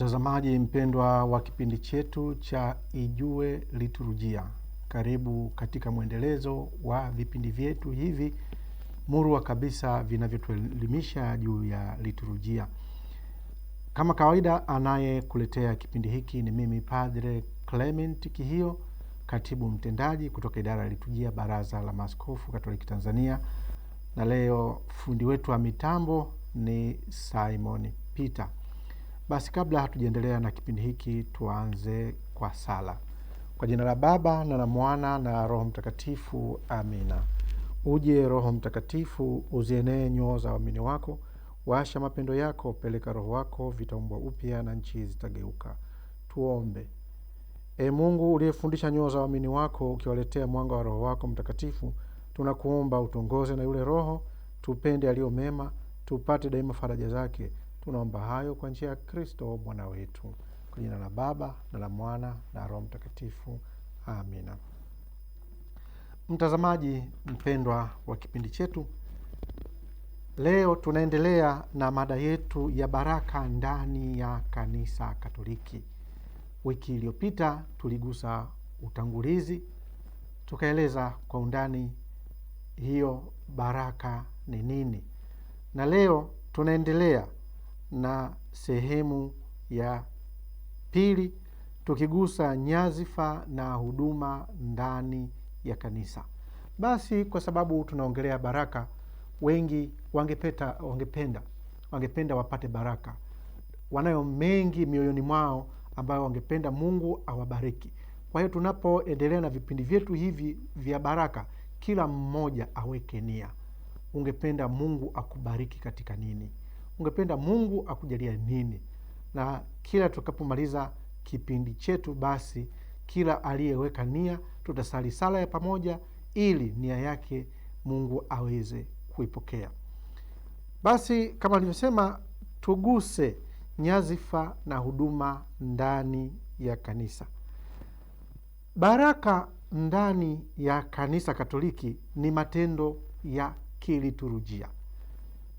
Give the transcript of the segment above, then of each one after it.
Mtazamaji mpendwa wa kipindi chetu cha Ijue Liturujia, karibu katika mwendelezo wa vipindi vyetu hivi murwa kabisa vinavyotuelimisha juu ya liturujia. Kama kawaida, anayekuletea kipindi hiki ni mimi Padre Clement Kihio, katibu mtendaji kutoka idara ya liturujia, Baraza la Maaskofu Katoliki Tanzania, na leo fundi wetu wa mitambo ni Simon Peter. Basi kabla hatujaendelea na kipindi hiki, tuanze kwa sala. Kwa jina la Baba na la Mwana na Roho Mtakatifu, amina. Uje Roho Mtakatifu, uzienee nyoo za waamini wako, waasha mapendo yako, peleka Roho wako, vitaumbwa upya na nchi zitageuka. Tuombe. E Mungu uliyefundisha nyoo za waamini wako, ukiwaletea mwanga wa Roho wako Mtakatifu, tunakuomba utongoze na yule Roho tupende aliyo mema, tupate daima faraja zake Tunaomba hayo kwa njia ya Kristo Bwana wetu. Kwa jina la Baba na la Mwana na Roho Mtakatifu, amina. Mtazamaji mpendwa wa kipindi chetu, leo tunaendelea na mada yetu ya baraka ndani ya Kanisa Katoliki. Wiki iliyopita tuligusa utangulizi, tukaeleza kwa undani hiyo baraka ni nini, na leo tunaendelea na sehemu ya pili tukigusa nyazifa na huduma ndani ya kanisa. Basi kwa sababu tunaongelea baraka, wengi wangepeta, wangependa wangependa wapate baraka. Wanayo mengi mioyoni mwao ambayo wangependa Mungu awabariki. Kwa hiyo tunapoendelea na vipindi vyetu hivi vya baraka, kila mmoja aweke nia, ungependa Mungu akubariki katika nini? ungependa Mungu akujalie nini? Na kila tukapomaliza kipindi chetu, basi kila aliyeweka nia tutasali sala ya pamoja, ili nia yake Mungu aweze kuipokea. Basi kama alivyosema, tuguse nyazifa na huduma ndani ya kanisa. Baraka ndani ya kanisa Katoliki ni matendo ya kiliturujia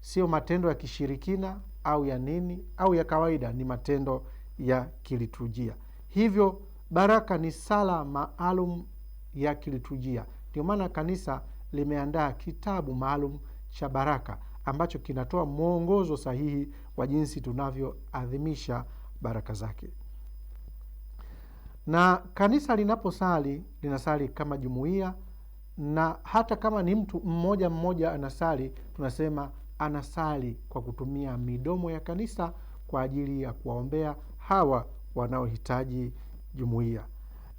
sio matendo ya kishirikina au ya nini au ya kawaida, ni matendo ya kiliturujia. Hivyo baraka ni sala maalum ya kiliturujia. Ndio maana kanisa limeandaa kitabu maalum cha baraka ambacho kinatoa mwongozo sahihi wa jinsi tunavyoadhimisha baraka zake. Na kanisa linaposali linasali kama jumuiya, na hata kama ni mtu mmoja mmoja anasali, tunasema anasali kwa kutumia midomo ya kanisa kwa ajili ya kuwaombea hawa wanaohitaji jumuiya.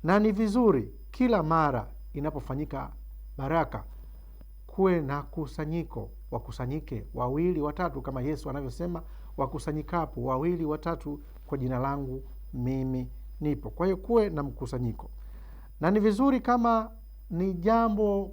Na ni vizuri kila mara inapofanyika baraka kuwe na kusanyiko, wakusanyike wawili watatu, kama Yesu anavyosema wakusanyikapo wawili watatu kwa jina langu mimi nipo. Kwa hiyo kuwe na mkusanyiko, na ni vizuri kama ni jambo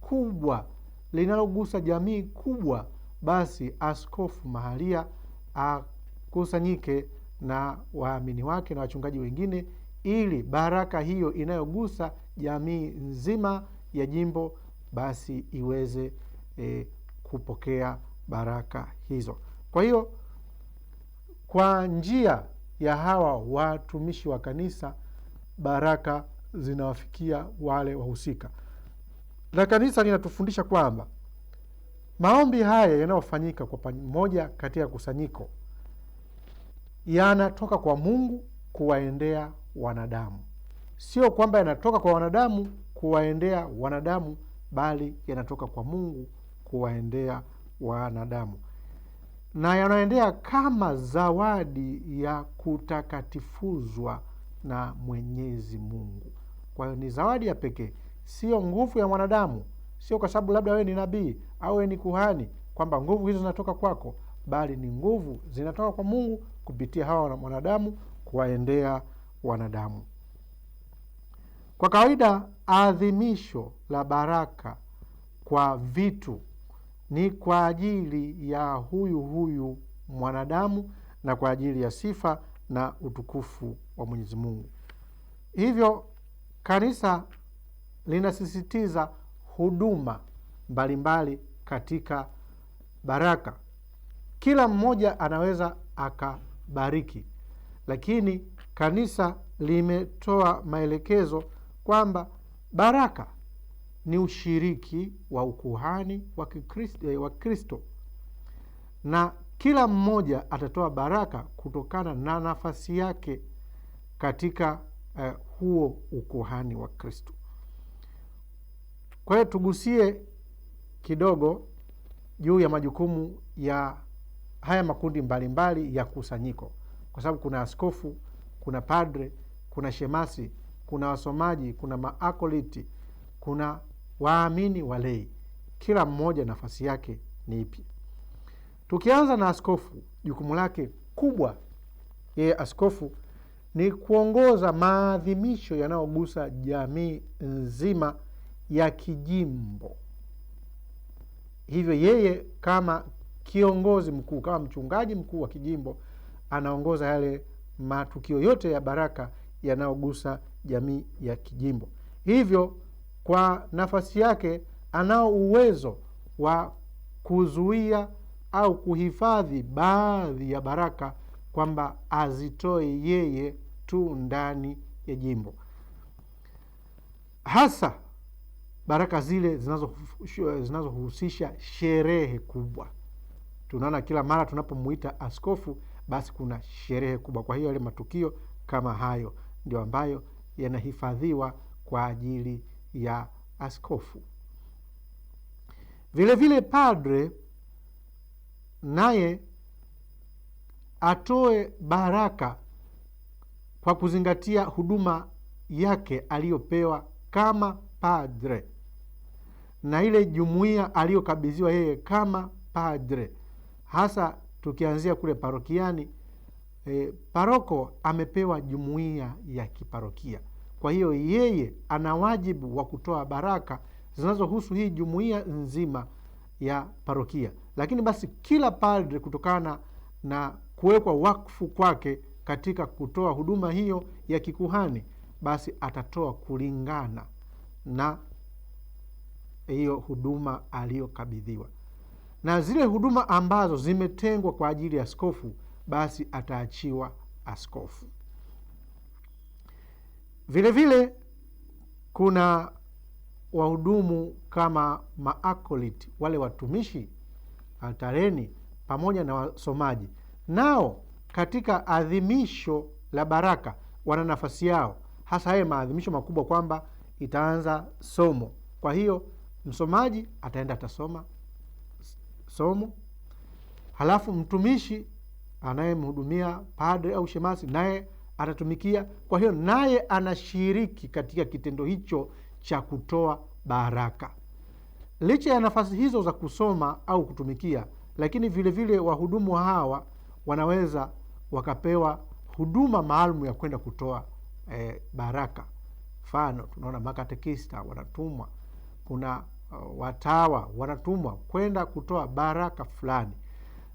kubwa linalogusa jamii kubwa basi Askofu mahalia akusanyike na waamini wake na wachungaji wengine ili baraka hiyo inayogusa jamii nzima ya jimbo basi iweze e, kupokea baraka hizo. Kwa hiyo kwa njia ya hawa watumishi wa kanisa baraka zinawafikia wale wahusika, na kanisa linatufundisha kwamba Maombi haya yanayofanyika kwa pamoja katika kusanyiko yanatoka kwa Mungu kuwaendea wanadamu, sio kwamba yanatoka kwa wanadamu kuwaendea wanadamu, bali yanatoka kwa Mungu kuwaendea wanadamu, na yanaendea kama zawadi ya kutakatifuzwa na Mwenyezi Mungu. Kwa hiyo ni zawadi ya pekee, siyo nguvu ya mwanadamu sio kwa sababu labda wewe ni nabii au wewe ni kuhani kwamba nguvu hizo zinatoka kwako, bali ni nguvu zinatoka kwa Mungu kupitia hawa wanadamu kuwaendea wanadamu. Kwa kawaida adhimisho la baraka kwa vitu ni kwa ajili ya huyu huyu mwanadamu na kwa ajili ya sifa na utukufu wa Mwenyezi Mungu. Hivyo kanisa linasisitiza huduma mbalimbali katika baraka. Kila mmoja anaweza akabariki, lakini kanisa limetoa maelekezo kwamba baraka ni ushiriki wa ukuhani wa eh, Kristo na kila mmoja atatoa baraka kutokana na nafasi yake katika uh, huo ukuhani wa Kristo. Kwa hiyo tugusie kidogo juu ya majukumu ya haya makundi mbalimbali mbali ya kusanyiko, kwa sababu kuna askofu, kuna padre, kuna shemasi, kuna wasomaji, kuna maakoliti, kuna waamini walei. Kila mmoja nafasi yake ni ipi? Tukianza na askofu, jukumu lake kubwa yeye askofu ni kuongoza maadhimisho yanayogusa jamii nzima ya kijimbo. Hivyo yeye kama kiongozi mkuu, kama mchungaji mkuu wa kijimbo, anaongoza yale matukio yote ya baraka yanayogusa jamii ya kijimbo. Hivyo kwa nafasi yake, anao uwezo wa kuzuia au kuhifadhi baadhi ya baraka kwamba azitoe yeye tu ndani ya jimbo hasa baraka zile zinazohusisha sherehe kubwa. Tunaona kila mara tunapomwita askofu, basi kuna sherehe kubwa. Kwa hiyo yale matukio kama hayo ndio ambayo yanahifadhiwa kwa ajili ya askofu. Vilevile vile padre naye atoe baraka kwa kuzingatia huduma yake aliyopewa kama padre na ile jumuiya aliyokabidhiwa yeye kama padre, hasa tukianzia kule parokiani. E, paroko amepewa jumuiya ya kiparokia. Kwa hiyo yeye ana wajibu wa kutoa baraka zinazohusu hii jumuiya nzima ya parokia, lakini basi kila padre kutokana na kuwekwa wakfu kwake katika kutoa huduma hiyo ya kikuhani, basi atatoa kulingana na hiyo huduma aliyokabidhiwa, na zile huduma ambazo zimetengwa kwa ajili ya askofu, basi ataachiwa askofu. Vilevile vile, kuna wahudumu kama maakoliti, wale watumishi altareni, pamoja na wasomaji, nao katika adhimisho la baraka wana nafasi yao, hasa haya maadhimisho makubwa, kwamba itaanza somo. Kwa hiyo Msomaji ataenda atasoma somo, halafu mtumishi anayemhudumia padre au shemasi naye atatumikia. Kwa hiyo naye anashiriki katika kitendo hicho cha kutoa baraka. Licha ya nafasi hizo za kusoma au kutumikia, lakini vilevile wahudumu hawa wanaweza wakapewa huduma maalum ya kwenda kutoa eh, baraka. Mfano tunaona makatekista wanatumwa, kuna Uh, watawa wanatumwa kwenda kutoa baraka fulani,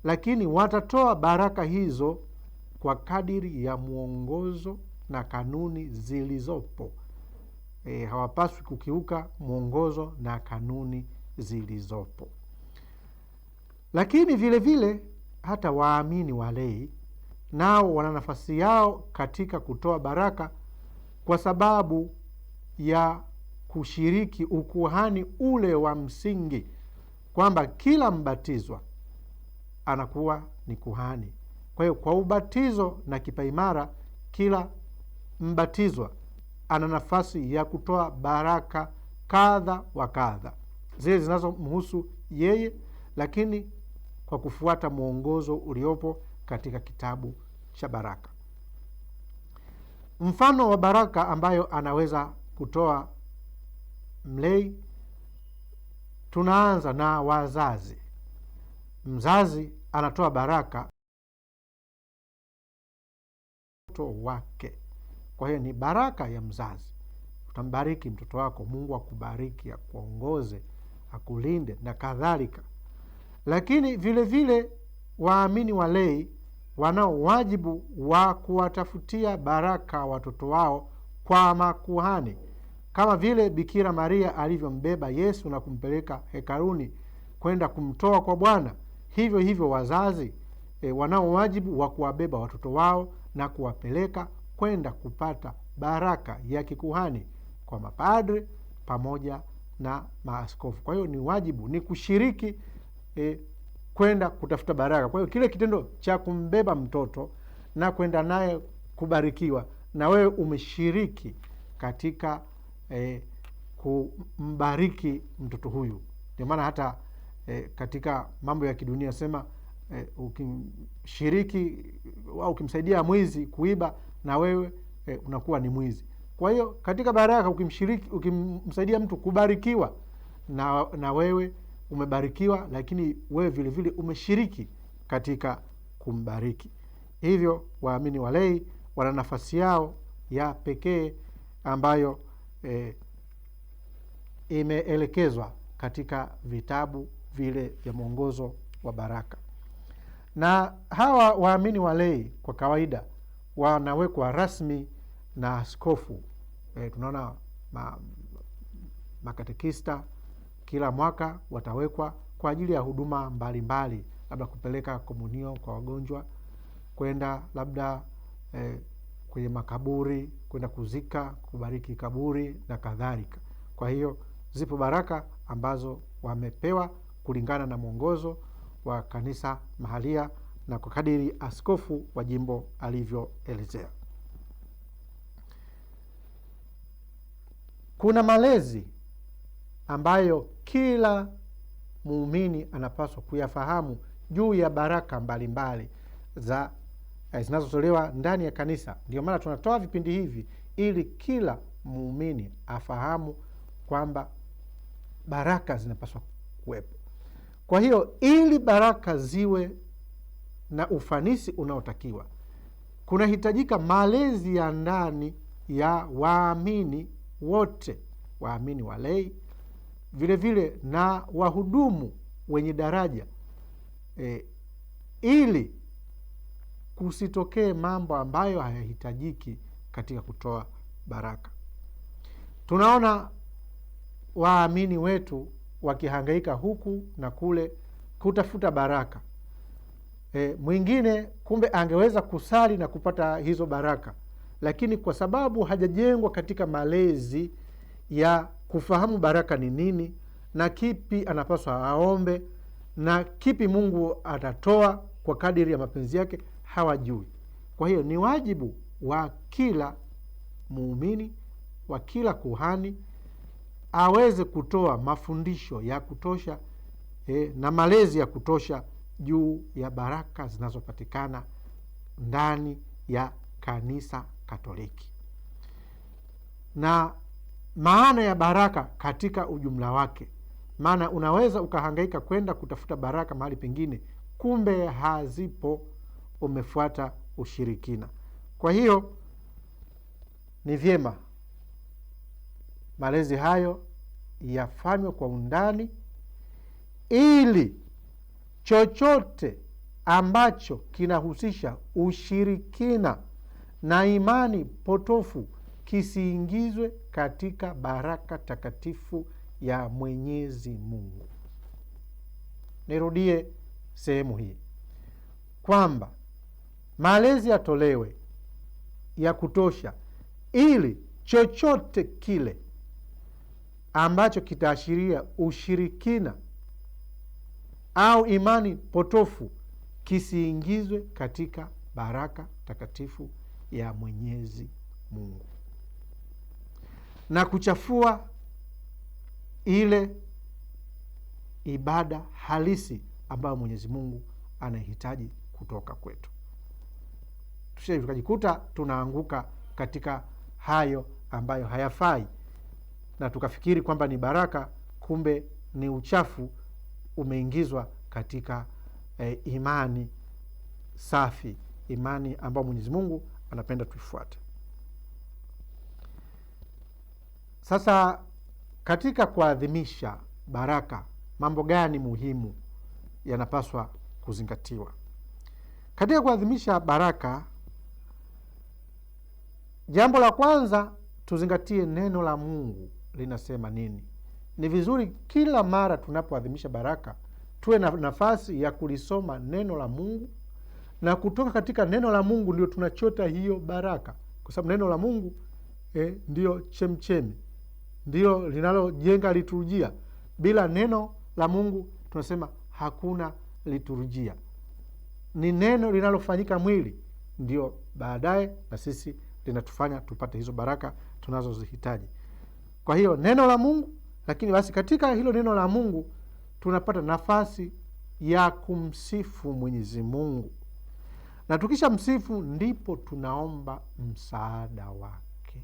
lakini watatoa baraka hizo kwa kadiri ya mwongozo na kanuni zilizopo. E, hawapaswi kukiuka mwongozo na kanuni zilizopo. Lakini vile vile hata waamini walei nao wana nafasi yao katika kutoa baraka kwa sababu ya kushiriki ukuhani ule wa msingi kwamba kila mbatizwa anakuwa ni kuhani. Kwa hiyo kwa ubatizo na kipaimara, kila mbatizwa ana nafasi ya kutoa baraka kadha wa kadha, zile zinazomhusu yeye, lakini kwa kufuata mwongozo uliopo katika kitabu cha baraka. Mfano wa baraka ambayo anaweza kutoa mlei. Tunaanza na wazazi. Mzazi anatoa baraka mtoto wake, kwa hiyo ni baraka ya mzazi. Utambariki mtoto wako, Mungu akubariki, akuongoze, akulinde na kadhalika. Lakini vilevile waamini walei wanao wajibu wa kuwatafutia baraka watoto wao kwa makuhani kama vile Bikira Maria alivyombeba Yesu na kumpeleka hekaluni kwenda kumtoa kwa Bwana, hivyo hivyo wazazi e, wanao wajibu wa kuwabeba watoto wao na kuwapeleka kwenda kupata baraka ya kikuhani kwa mapadre pamoja na maaskofu. Kwa hiyo ni wajibu, ni kushiriki e, kwenda kutafuta baraka. Kwa hiyo kile kitendo cha kumbeba mtoto na kwenda naye kubarikiwa, na wewe umeshiriki katika eh, kumbariki mtoto huyu. Ndio maana hata eh, katika mambo ya kidunia sema eh, ukimshiriki eh, au ukimsaidia mwizi kuiba na wewe eh, unakuwa ni mwizi. Kwa hiyo katika baraka ukimshiriki, ukimsaidia mtu kubarikiwa na, na wewe umebarikiwa, lakini wewe vile vile umeshiriki katika kumbariki. Hivyo waamini walei wana nafasi yao ya pekee ambayo e, imeelekezwa katika vitabu vile vya mwongozo wa baraka. Na hawa waamini walei kwa kawaida wanawekwa rasmi na askofu. E, tunaona ma, makatekista kila mwaka watawekwa kwa ajili ya huduma mbalimbali, labda kupeleka komunio kwa wagonjwa, kwenda labda e, kwenye makaburi, kwenda kuzika, kubariki kaburi na kadhalika. Kwa hiyo zipo baraka ambazo wamepewa kulingana na mwongozo wa kanisa mahalia na kwa kadiri askofu wa jimbo alivyoelezea. Kuna malezi ambayo kila muumini anapaswa kuyafahamu juu ya baraka mbalimbali mbali za Eh, zinazotolewa ndani ya kanisa. Ndio maana tunatoa vipindi hivi ili kila muumini afahamu kwamba baraka zinapaswa kuwepo. Kwa hiyo ili baraka ziwe na ufanisi unaotakiwa, kunahitajika malezi ya ndani ya waamini wote, waamini walei, vilevile na wahudumu wenye daraja e, ili kusitokee mambo ambayo hayahitajiki katika kutoa baraka. Tunaona waamini wetu wakihangaika huku na kule kutafuta baraka. E, mwingine kumbe angeweza kusali na kupata hizo baraka, lakini kwa sababu hajajengwa katika malezi ya kufahamu baraka ni nini na kipi anapaswa aombe na kipi Mungu atatoa kwa kadiri ya mapenzi yake, hawajui. Kwa hiyo ni wajibu wa kila muumini, wa kila kuhani aweze kutoa mafundisho ya kutosha eh, na malezi ya kutosha juu ya baraka zinazopatikana ndani ya kanisa Katoliki na maana ya baraka katika ujumla wake. Maana unaweza ukahangaika kwenda kutafuta baraka mahali pengine, kumbe hazipo umefuata ushirikina. Kwa hiyo ni vyema malezi hayo yafanywe kwa undani, ili chochote ambacho kinahusisha ushirikina na imani potofu kisiingizwe katika baraka takatifu ya Mwenyezi Mungu. Nirudie sehemu hii kwamba malezi yatolewe ya kutosha, ili chochote kile ambacho kitaashiria ushirikina au imani potofu kisiingizwe katika baraka takatifu ya Mwenyezi Mungu na kuchafua ile ibada halisi ambayo Mwenyezi Mungu anahitaji kutoka kwetu tukajikuta tunaanguka katika hayo ambayo hayafai na tukafikiri kwamba ni baraka, kumbe ni uchafu umeingizwa katika e, imani safi, imani ambayo Mwenyezi Mungu anapenda tuifuate. Sasa katika kuadhimisha baraka, mambo gani muhimu yanapaswa kuzingatiwa katika kuadhimisha baraka? Jambo la kwanza tuzingatie neno la Mungu linasema nini. Ni vizuri kila mara tunapoadhimisha baraka tuwe na nafasi ya kulisoma neno la Mungu, na kutoka katika neno la Mungu ndio tunachota hiyo baraka, kwa sababu neno la Mungu eh, ndiyo chemchemi, ndiyo linalojenga liturujia. Bila neno la Mungu tunasema hakuna liturujia. Ni neno linalofanyika mwili, ndio baadaye na sisi linatufanya tupate hizo baraka tunazozihitaji. Kwa hiyo neno la Mungu, lakini basi katika hilo neno la Mungu tunapata nafasi ya kumsifu Mwenyezi Mungu, na tukisha msifu ndipo tunaomba msaada wake.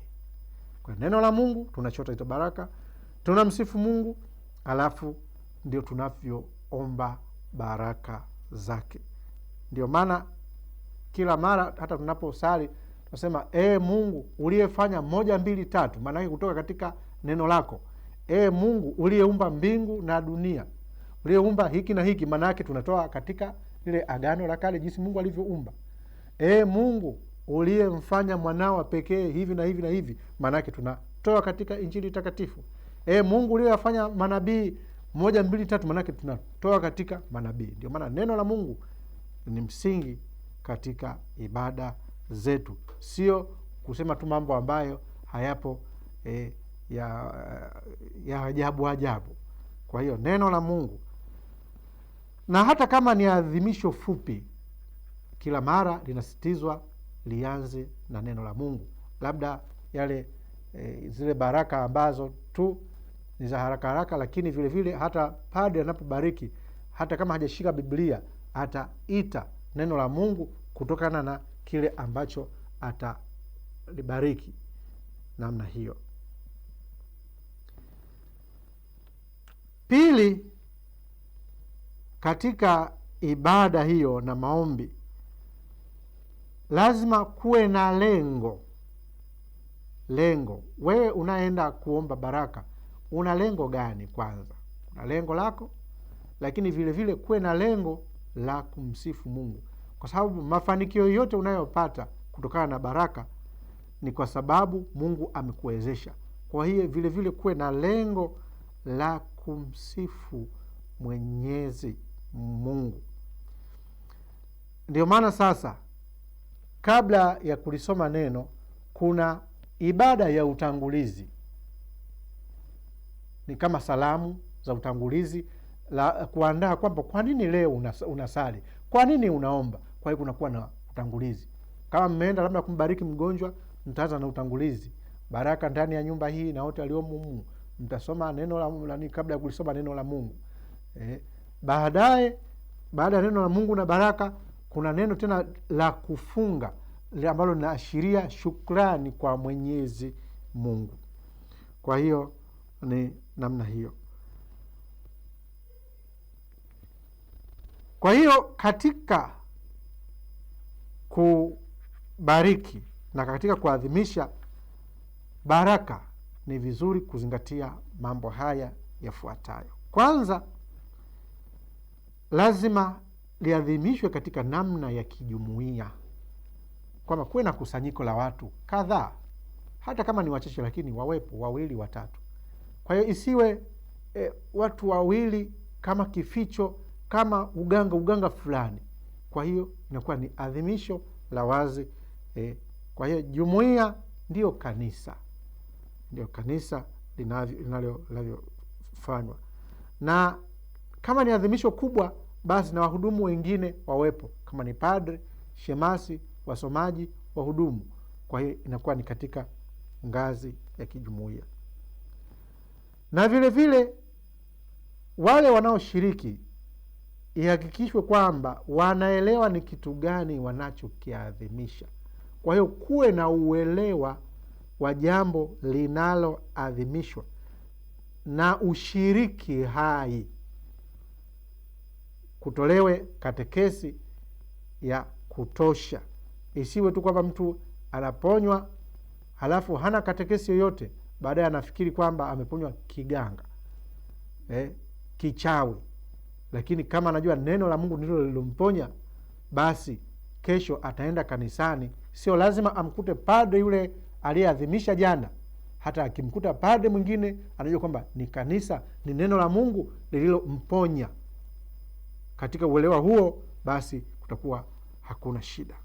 Kwa neno la Mungu tunachota hizo baraka, tunamsifu Mungu alafu ndio tunavyoomba baraka zake. Ndio maana kila mara hata tunaposali nasema e Mungu uliyefanya moja mbili tatu, maanake kutoka katika neno lako. e Mungu uliyeumba mbingu na dunia, uliyeumba hiki na hiki, maanake tunatoa katika lile agano la kale, jinsi Mungu alivyoumba. e Mungu uliyemfanya mwanao pekee hivi na hivi na hivi, maanake tunatoa katika injili takatifu. e Mungu uliyewafanya manabii moja mbili tatu, maanake tunatoa katika manabii. Ndio maana neno la Mungu ni msingi katika ibada zetu, sio kusema tu mambo ambayo hayapo e, ya, ya ajabu ajabu. Kwa hiyo neno la Mungu, na hata kama ni adhimisho fupi, kila mara linasitizwa lianze na neno la Mungu, labda yale e, zile baraka ambazo tu ni za haraka haraka, lakini vilevile vile, hata padre anapobariki hata kama hajashika Biblia ataita neno la Mungu kutokana na kile ambacho atalibariki namna hiyo. Pili, katika ibada hiyo na maombi lazima kuwe na lengo. Lengo, wewe unaenda kuomba baraka, una lengo gani? Kwanza kuna lengo lako, lakini vilevile kuwe na lengo la kumsifu Mungu kwa sababu mafanikio yote unayopata kutokana na baraka ni kwa sababu Mungu amekuwezesha. Kwa hiyo vile vile kuwe na lengo la kumsifu Mwenyezi Mungu. Ndio maana sasa, kabla ya kulisoma neno, kuna ibada ya utangulizi, ni kama salamu za utangulizi la kuandaa kwamba kwa nini leo unasali kwa nini unaomba? Kwa hiyo kunakuwa na utangulizi. Kama mmeenda labda kumbariki mgonjwa, mtaanza na utangulizi, baraka ndani ya nyumba hii na wote waliomo humu, mtasoma neno la nani kabla ya kulisoma neno la Mungu eh. Baadaye, baada ya neno la Mungu na baraka, kuna neno tena la kufunga ambalo linaashiria shukrani kwa Mwenyezi Mungu. Kwa hiyo ni namna hiyo. Kwa hiyo katika kubariki na katika kuadhimisha baraka ni vizuri kuzingatia mambo haya yafuatayo. Kwanza, lazima liadhimishwe katika namna ya kijumuia kwamba kuwe na kusanyiko la watu kadhaa, hata kama ni wachache, lakini wawepo wawili watatu. Kwa hiyo isiwe e, watu wawili kama kificho kama uganga uganga fulani. Kwa hiyo inakuwa ni adhimisho la wazi eh. Kwa hiyo jumuiya ndiyo kanisa, ndio kanisa linalofanywa, na kama ni adhimisho kubwa, basi na wahudumu wengine wawepo, kama ni padre, shemasi, wasomaji, wahudumu. Kwa hiyo inakuwa ni katika ngazi ya kijumuiya, na vilevile vile, wale wanaoshiriki ihakikishwe kwamba wanaelewa ni kitu gani wanachokiadhimisha. Kwa hiyo kuwe na uelewa wa jambo linaloadhimishwa na ushiriki hai, kutolewe katekesi ya kutosha. Isiwe tu kwamba mtu anaponywa halafu hana katekesi yoyote, baadaye anafikiri kwamba ameponywa kiganga eh, kichawi lakini kama anajua neno la Mungu ndilo lilomponya, basi kesho ataenda kanisani. Sio lazima amkute padre yule aliyeadhimisha jana. Hata akimkuta padre mwingine, anajua kwamba ni kanisa, ni neno la Mungu lililomponya. Katika uelewa huo, basi kutakuwa hakuna shida.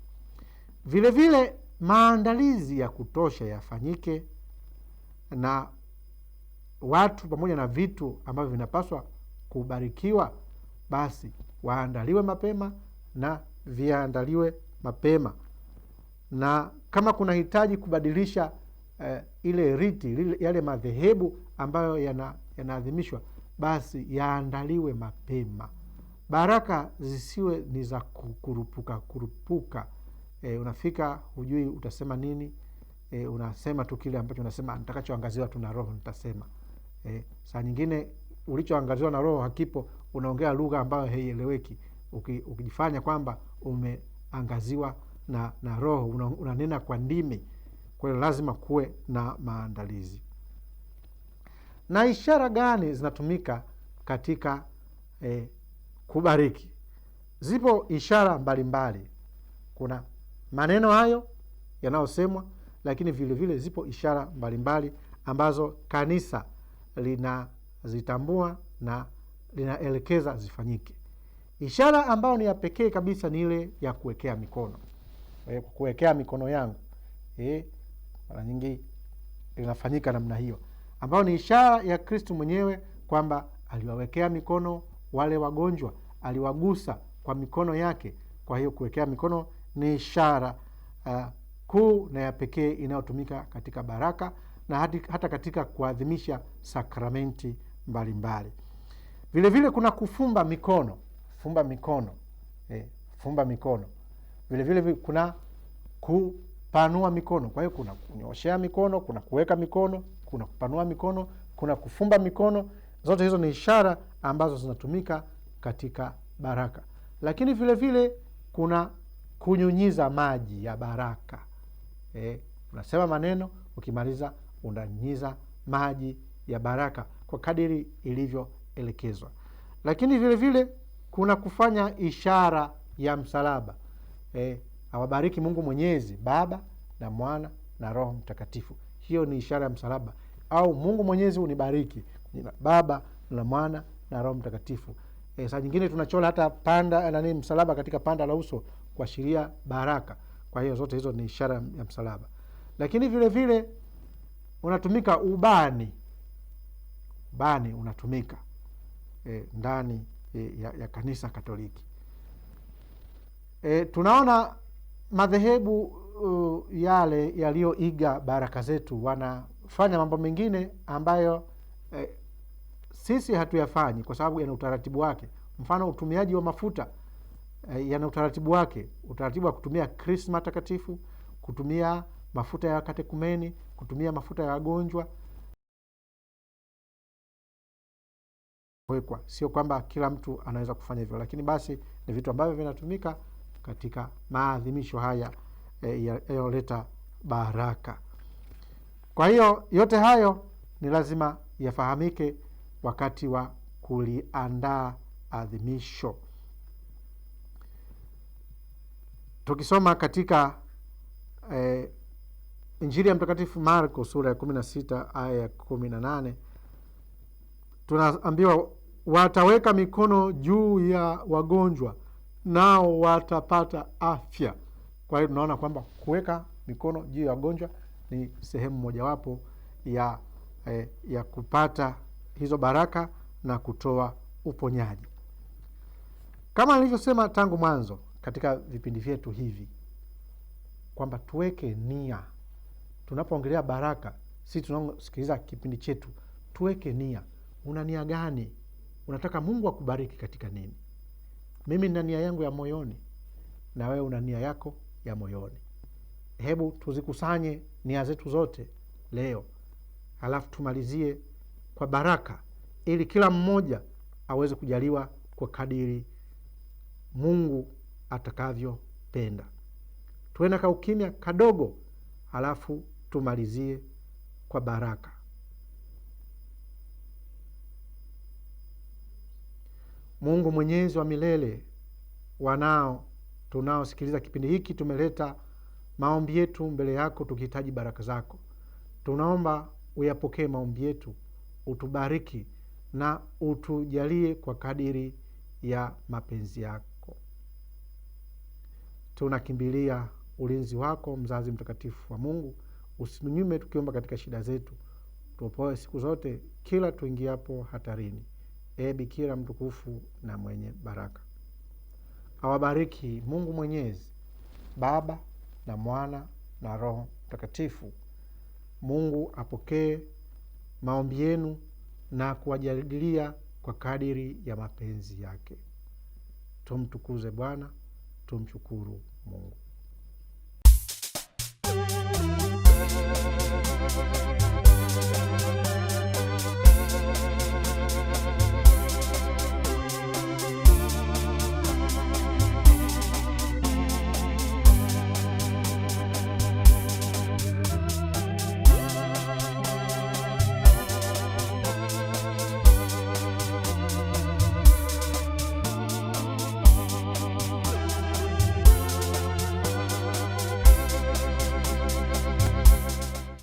Vilevile vile, maandalizi ya kutosha yafanyike na watu pamoja na vitu ambavyo vinapaswa kubarikiwa basi waandaliwe mapema na viandaliwe mapema, na kama kuna hitaji kubadilisha eh, ile riti lile, yale madhehebu ambayo yanaadhimishwa yana basi yaandaliwe mapema. Baraka zisiwe ni za kurupuka kurupuka. E, unafika hujui utasema nini. E, unasema tu kile ambacho unasema ntakachoangaziwa tu na Roho ntasema E, eh, saa nyingine ulichoangaziwa na Roho hakipo, unaongea lugha ambayo haieleweki, ukijifanya kwamba umeangaziwa na, na Roho una, unanena kwa ndimi. Kwa hiyo lazima kuwe na maandalizi. Na ishara gani zinatumika katika eh, kubariki? Zipo ishara mbalimbali mbali. Kuna maneno hayo yanayosemwa, lakini vilevile vile zipo ishara mbalimbali mbali ambazo kanisa linazitambua na linaelekeza zifanyike. Ishara ambayo ni ya pekee kabisa ni ile ya kuwekea mikono, kuwekea mikono yangu e, mara nyingi linafanyika namna hiyo, ambayo ni ishara ya Kristu mwenyewe kwamba aliwawekea mikono wale wagonjwa, aliwagusa kwa mikono yake. Kwa hiyo kuwekea mikono ni ishara uh, kuu na ya pekee inayotumika katika baraka na hati, hata katika kuadhimisha sakramenti mbalimbali mbali. Vile vile kuna kufumba mikono, fumba mikono e, fumba mikono. Vile vile kuna kupanua mikono. Kwa hiyo kuna kunyoshea mikono, kuna kuweka mikono, kuna kupanua mikono, kuna kufumba mikono. Zote hizo ni ishara ambazo zinatumika katika baraka. Lakini vile vile kuna kunyunyiza maji ya baraka e, unasema maneno ukimaliza unanyunyiza maji ya baraka kwa kadiri ilivyo elekezwa. Lakini vile vile kuna kufanya ishara ya msalaba e, awabariki Mungu Mwenyezi Baba na Mwana na Roho Mtakatifu. Hiyo ni ishara ya msalaba, au Mungu Mwenyezi unibariki jina Baba na Mwana na Roho Mtakatifu. E, saa nyingine tunachola hata panda nani, msalaba katika panda la uso kuashiria baraka. Kwa hiyo zote hizo ni ishara ya msalaba, lakini vile vile unatumika ubani, ubani unatumika e, ndani e, ya, ya kanisa Katoliki. E, tunaona madhehebu uh, yale yaliyoiga baraka zetu wanafanya mambo mengine ambayo e, sisi hatuyafanyi kwa sababu yana utaratibu wake. Mfano, utumiaji wa mafuta e, yana utaratibu wake, utaratibu wa kutumia krisma takatifu, kutumia mafuta ya wakatekumeni, kutumia mafuta ya wagonjwa kuwekwa. Sio kwamba kila mtu anaweza kufanya hivyo, lakini basi ni vitu ambavyo vinatumika katika maadhimisho haya e, yanayoleta baraka. Kwa hiyo yote hayo ni lazima yafahamike wakati wa kuliandaa adhimisho. Tukisoma katika e, Injili ya Mtakatifu Marko sura ya kumi na sita aya ya kumi na nane tunaambiwa wataweka mikono juu ya wagonjwa nao watapata afya. Kwa hiyo tunaona kwamba kuweka mikono juu ya wagonjwa ni sehemu mojawapo ya, eh, ya kupata hizo baraka na kutoa uponyaji. Kama nilivyosema tangu mwanzo katika vipindi vyetu hivi kwamba tuweke nia. Tunapoongelea baraka, si tunaosikiliza kipindi chetu, tuweke nia. Una nia gani? Unataka Mungu akubariki katika nini? Mimi nina nia yangu ya moyoni, na wewe una nia yako ya moyoni. Hebu tuzikusanye nia zetu zote leo, halafu tumalizie kwa baraka, ili kila mmoja aweze kujaliwa kwa kadiri Mungu atakavyopenda. Tuwe na kaukimya kadogo, halafu tumalizie kwa baraka. Mungu mwenyezi wa milele, wanao tunaosikiliza kipindi hiki, tumeleta maombi yetu mbele yako tukihitaji baraka zako. Tunaomba uyapokee maombi yetu, utubariki na utujalie kwa kadiri ya mapenzi yako. Tunakimbilia ulinzi wako, mzazi mtakatifu wa Mungu. Usinyume tukiomba katika shida zetu, tuopoe siku zote kila tuingiapo hatarini. Ee Bikira mtukufu na mwenye baraka. Awabariki Mungu Mwenyezi, Baba na Mwana na Roho Mtakatifu. Mungu apokee maombi yenu na kuwajalia kwa kadiri ya mapenzi yake. Tumtukuze Bwana, tumshukuru Mungu.